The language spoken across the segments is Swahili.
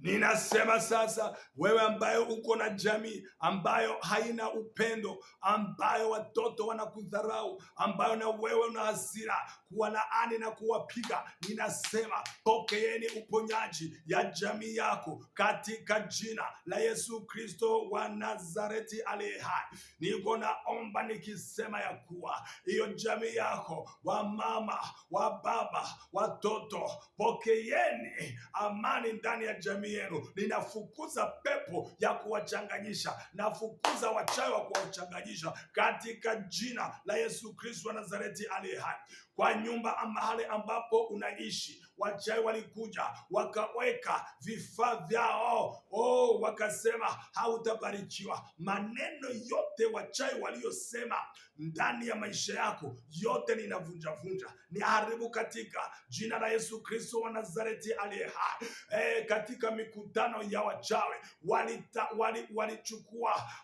Ninasema sasa, wewe ambayo uko na jamii ambayo haina upendo, ambayo watoto wanakudharau, ambayo na wewe una hasira, kuwalaani na kuwapiga. Ninasema pokeeni uponyaji ya jamii yako katika jina la Yesu Kristo wa Nazareti aliye hai. Niko naomba nikisema ya kuwa hiyo jamii yako, wa mama, wa baba, watoto, pokeeni amani ndani ya jamii yenu. Ninafukuza pepo ya kuwachanganyisha, nafukuza wachawi wa kuwachanganyisha katika jina la Yesu Kristo wa Nazareti aliye hai kwa nyumba mahali ambapo unaishi wachai walikuja wakaweka vifaa vyao, oh, wakasema hautabarikiwa. Maneno yote wachai waliyosema ndani ya maisha yako yote ninavunjavunja, ni haribu katika jina la Yesu Kristo wa Nazareti aliye hai. Eh, katika mikutano ya wachawi walichukua wali, wali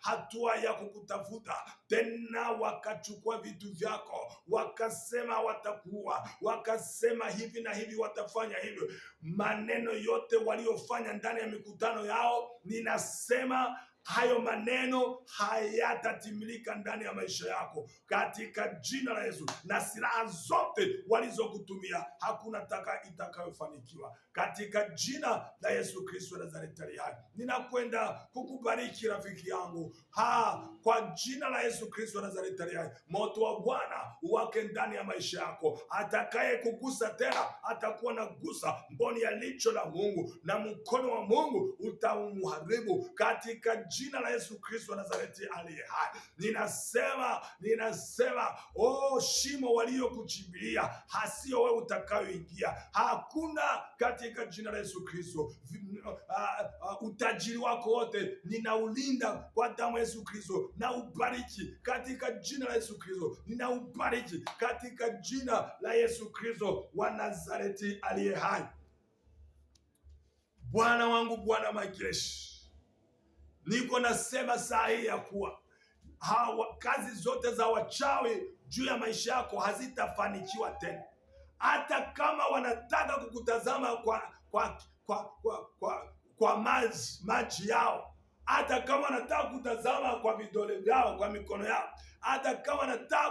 hatua ya kukutafuta tena, wakachukua vitu vyako, wakasema watakuwa, wakasema hivi na hivi watakuwa hawatafanya hivyo. Maneno yote waliofanya ndani ya mikutano yao, ninasema hayo maneno hayatatimilika ndani ya maisha yako katika jina la Yesu. Na silaha zote walizokutumia hakuna taka itakayofanikiwa katika jina la Yesu Kristo Nazareti ali hai. Ninakwenda kukubariki rafiki yangu ha, kwa jina la Yesu Kristo Nazareti ali hai. Moto wa Bwana uwake ndani ya maisha yako. Atakaye kugusa tena atakuwa na gusa mboni ya licho la Mungu, na mkono wa Mungu utamuharibu katika jina la Yesu Kristo wa Nazareti aliye hai. Ninasema, ninasema, oh, shimo waliokuchimbilia hasio wewe utakayoingia. Hakuna katika jina la Yesu Kristo. Uh, uh, utajiri wako wote ninaulinda kwa damu ya Yesu Kristo, na ubariki katika jina la Yesu Kristo, ninaubariki katika jina la Yesu Kristo wa Nazareti aliye hai. Bwana wangu, Bwana majeshi Niko nasema saa hii ya kuwa hawa, kazi zote za wachawi juu ya maisha yako hazitafanikiwa tena, hata kama wanataka kukutazama kwa kwa kwa kwa, kwa, kwa maji maji yao, hata kama wanataka kutazama kwa vidole vyao, kwa mikono yao, hata kama wanataka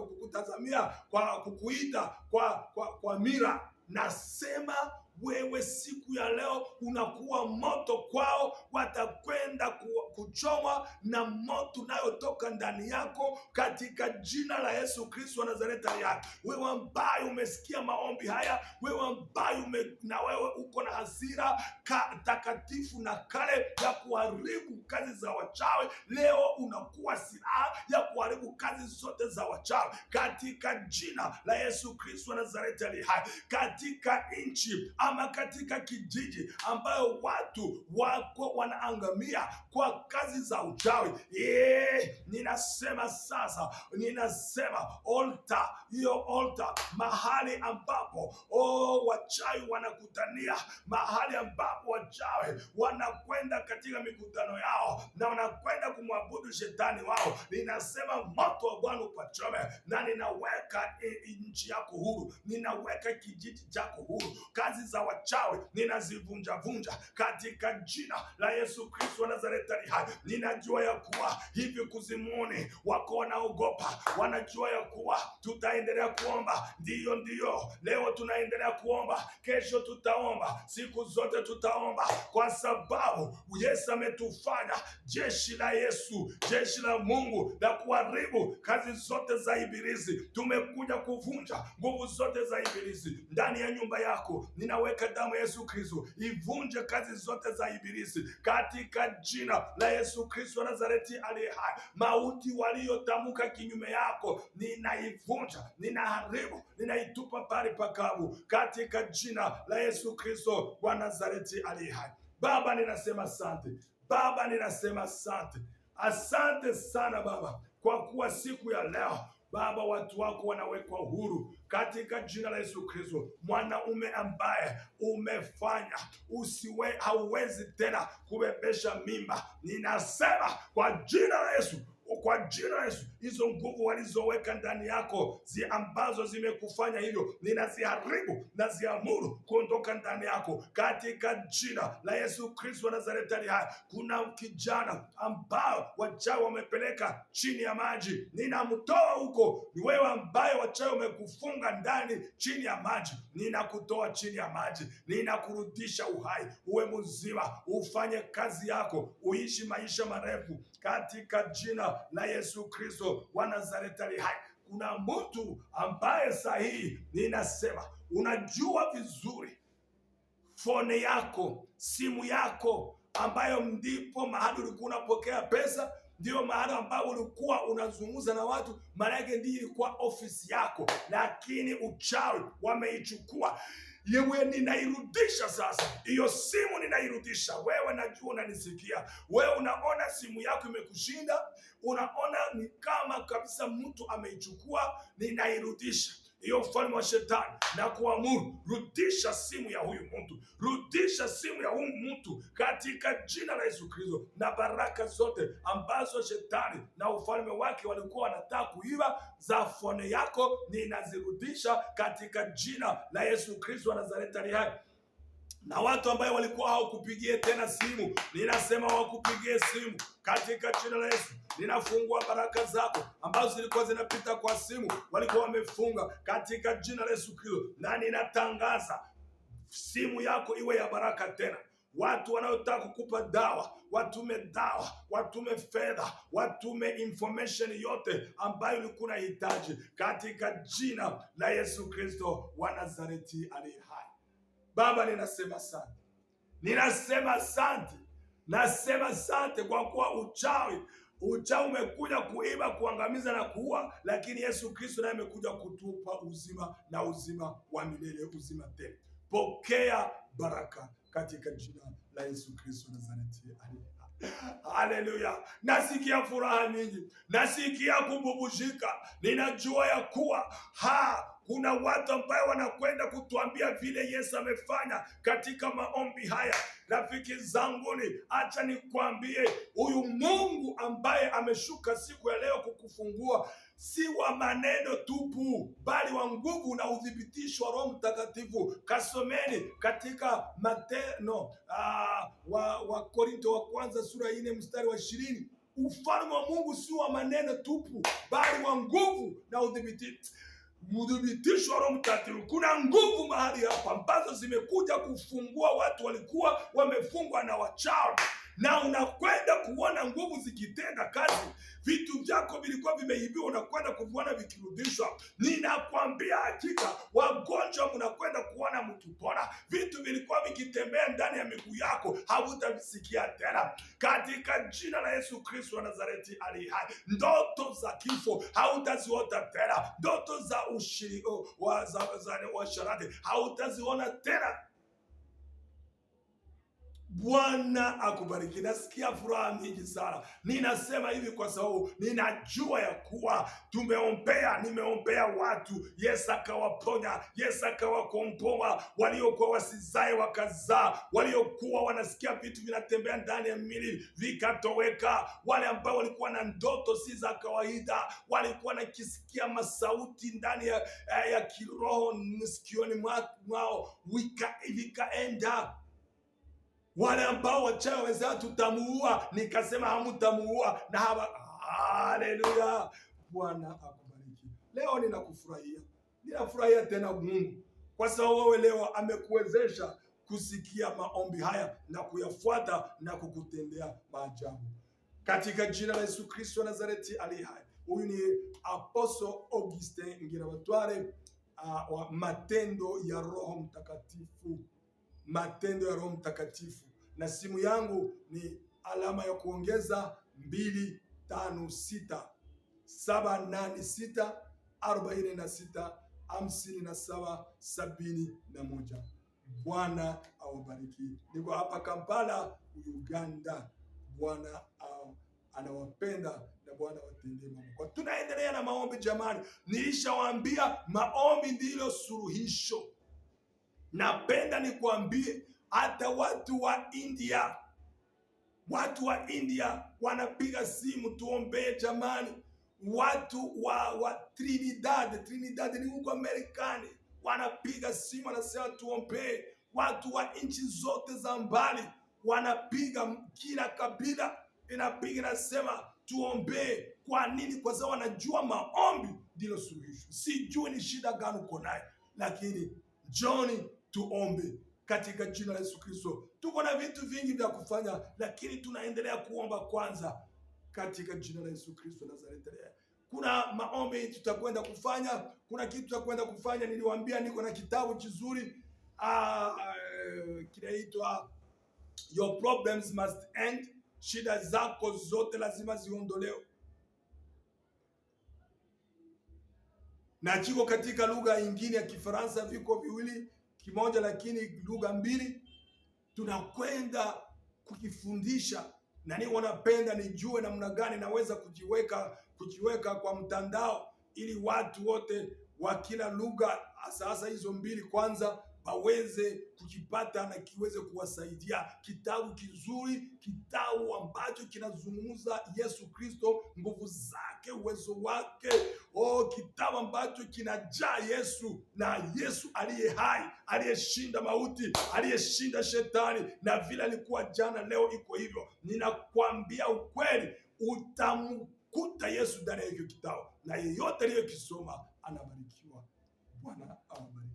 kukutazamia kwa kukuita kwa, kwa, kwa mira, nasema wewe siku ya leo unakuwa moto kwao, watakwenda kuchomwa na moto unayotoka ndani yako katika jina la Yesu Kristo wa Nazareti Ya Wewe ambaye umesikia maombi haya, wewe ambaye na wewe uko na hasira takatifu na kale ya kuharibu kazi za wachawi, leo unakuwa silaha ya kuharibu kazi zote za wachawi katika jina la Yesu Kristo wa Nazareti aliye, katika nchi ama katika kijiji ambayo watu wako wanaangamia kwa kazi za uchawi eh, Ninasema sasa, ninasema altar, hiyo altar, mahali ambapo oh, wachawi wanakutania, mahali ambapo wachawi wanakwenda katika mikutano yao na wanakwenda kumwabudu shetani wao, ninasema moto wa Bwana upachome, na ninaweka eh, nchi yako huru, ninaweka kijiji chako huru, kazi za za wachawi ninazivunjavunja katika jina la Yesu Kristo wa Nazareti ali hai. Ninajua ya kuwa hivi kuzimuni wako wanaogopa, wanajua ya kuwa tutaendelea kuomba. Ndiyo, ndiyo, leo tunaendelea kuomba, kesho tutaomba, siku zote tutaomba, kwa sababu Yesu ametufanya jeshi la Yesu, jeshi la Mungu la kuharibu kazi zote za Ibilisi. Tumekuja kuvunja nguvu zote za Ibilisi ndani ya nyumba yako ninawe naweka damu ya Yesu Kristo ivunje kazi zote za ibilisi katika jina la Yesu Kristo wa Nazareti aliye hai. Mauti waliotamka kinyume yako ninaivunja, ninaharibu, ninaitupa pale pakavu katika jina la Yesu Kristo wa Nazareti aliye hai. Baba, ninasema asante. Baba, ninasema asante. Asante sana Baba kwa kuwa siku ya leo Baba, watu wako wanawekwa huru katika jina la Yesu Kristo. Mwanaume ambaye umefanya usiwe hauwezi tena kubebesha mimba, ninasema kwa jina la Yesu, kwa jina la Yesu hizo nguvu walizoweka ndani yako zi ambazo zimekufanya hivyo, ninaziharibu na ziamuru kuondoka ndani yako katika jina la Yesu Kristo wa Nazareti. Haya, kuna kijana ambao wachawi wamepeleka chini ya maji, ninamtoa huko. Ni wewe ambaye wachawi wamekufunga ndani chini ya maji, ninakutoa chini ya maji, ninakurudisha uhai, uwe mzima, ufanye kazi yako, uishi maisha marefu katika jina la Yesu Kristo Kristo wa Nazareti ali hai. Kuna mtu ambaye sahihi, ninasema unajua vizuri fone yako, simu yako, ambayo ndipo mahali ulikuwa unapokea pesa ndiyo mahali ambapo ulikuwa unazungumza na watu, maana yake ndiyo ilikuwa ofisi yako, lakini uchawi wameichukua. Yewe ninairudisha sasa, hiyo simu ninairudisha. Wewe najua unanisikia, wewe unaona simu yako imekushinda, unaona ni kama kabisa mtu ameichukua, ninairudisha hiyo mfalme wa shetani na kuamuru, rudisha simu ya huyu mtu, rudisha simu ya huyu mtu katika jina la Yesu Kristo, na baraka zote ambazo shetani na ufalme wake walikuwa wanataka kuiba za fone yako ninazirudisha katika jina la Yesu Kristo wa Nazareti aliye hai na watu ambaye walikuwa hawakupigie tena simu, ninasema wakupigie simu katika jina la Yesu. Ninafungua baraka zako ambazo zilikuwa zinapita kwa simu, walikuwa wamefunga katika jina la Yesu Kristo, na ninatangaza simu yako iwe ya baraka tena. Watu wanaotaka kukupa dawa watume dawa, watume fedha, watume information yote ambayo ulikuwa unahitaji katika jina la Yesu Kristo wa Nazareti aliye hai. Baba, ninasema asante, ninasema asante, nasema asante kwa kuwa uchawi uchawi umekuja kuiba, kuangamiza na kuua, lakini Yesu Kristo naye amekuja kutupa uzima na uzima wa milele, uzima tele. Pokea baraka katika jina la Yesu Kristo Nazareti. Haleluya! Nasikia furaha nyingi, nasikia kububujika, ninajua ya kuwa ha kuna watu ambao wanakwenda kutuambia vile Yesu amefanya katika maombi haya. Rafiki zanguni, acha nikwambie, huyu Mungu ambaye ameshuka siku ya leo kukufungua si wa maneno tupu, bali wa nguvu na udhibitisho wa Roho Mtakatifu. Kasomeni katika Mateno ah, wa, wa Korinto wa kwanza sura ine mstari wa ishirini. Ufalme wa Mungu si wa maneno tupu, bali wa nguvu na udhibitisho wa Roho Mtakatifu. Kuna nguvu mahali hapa ambazo zimekuja kufungua watu walikuwa wamefungwa na wachawi, na unakwenda kuona nguvu zikitenda kazi. Vitu vyako vilikuwa vimeibiwa, unakwenda kuviona vikirudishwa. Ninakwambia hakika ndani ya miguu yako hautavisikia tena, katika jina la Yesu Kristo wa Nazareti ali hai. Ndoto za kifo hautaziota tena, ndoto za ushiriki wa sharati hautaziona tena Bwana akubariki. Nasikia furaha nyingi sana. Ninasema hivi kwa sababu ninajua ya kuwa tumeombea, nimeombea watu, Yesu akawaponya, Yesu akawakomboa, waliokuwa wasizae wakazaa, waliokuwa wanasikia vitu vinatembea ndani ya mili vikatoweka, wale ambao walikuwa na ndoto si za kawaida, walikuwa nakisikia masauti ndani ya, eh, ya kiroho msikioni mwao, vikaenda wale ambao wachawi wenzao tutamuua, nikasema hamutamuua na haba. Haleluya, Bwana akubariki. Leo ninakufurahia, ninafurahia tena Mungu kwa sababu wewe leo amekuwezesha kusikia maombi haya na kuyafuata na kukutendea maajabu katika jina la Yesu Kristo wa Nazareti ali hai. Huyu ni Apostle Augustin Ngirabatware uh, wa matendo ya Roho Mtakatifu, matendo ya Roho Mtakatifu na simu yangu ni alama ya kuongeza mbili tano sita saba 256 na sita hamsini na saba sabini na moja. Bwana awabariki. Niko hapa Kampala, Uganda. Bwana anawapenda na Bwana watendee mambo. Tunaendelea na maombi jamani, nilishawaambia maombi ndilo suluhisho. Napenda nikwambie hata watu wa India, watu wa India wanapiga simu, tuombee jamani. Watu wa, wa Trinidad, Trinidad ni huko Amerikani, wanapiga simu, wanasema tuombee. Watu wa nchi zote za mbali wanapiga, kila kabila inapiga, inasema tuombee. Kwa nini? Kwa sababu wanajua maombi ndilo suluhisho. Sijui ni shida gani uko nayo, lakini John, tuombe katika jina la Yesu Kristo. Tuko na vitu vingi vya kufanya, lakini tunaendelea kuomba kwanza katika jina la Yesu Kristo Nazareti. Kuna maombi tutakwenda kufanya, kuna kitu tutakwenda kufanya. Niliwaambia niko na kitabu kizuri ah, eh, kinaitwa Your Problems Must End, shida zako zote lazima ziondolewe, na chiko katika lugha ingine ya Kifaransa, viko viwili kimoja lakini lugha mbili, tunakwenda kukifundisha na ni Wanapenda nijue namna gani naweza kujiweka kujiweka kwa mtandao ili watu wote wa kila lugha, sasa hasa hizo mbili kwanza waweze kukipata na kiweze kuwasaidia. Kitabu kizuri, kitabu ambacho kinazungumza Yesu Kristo, nguvu zake, uwezo wake. Oh, kitabu ambacho kinajaa Yesu na Yesu aliye hai, aliyeshinda mauti, aliyeshinda shetani, na vile alikuwa jana, leo iko hivyo. Ninakwambia ukweli, utamkuta Yesu ndani ya hiyo kitabu, na yeyote aliyekisoma anabarikiwa. Bwana awabariki.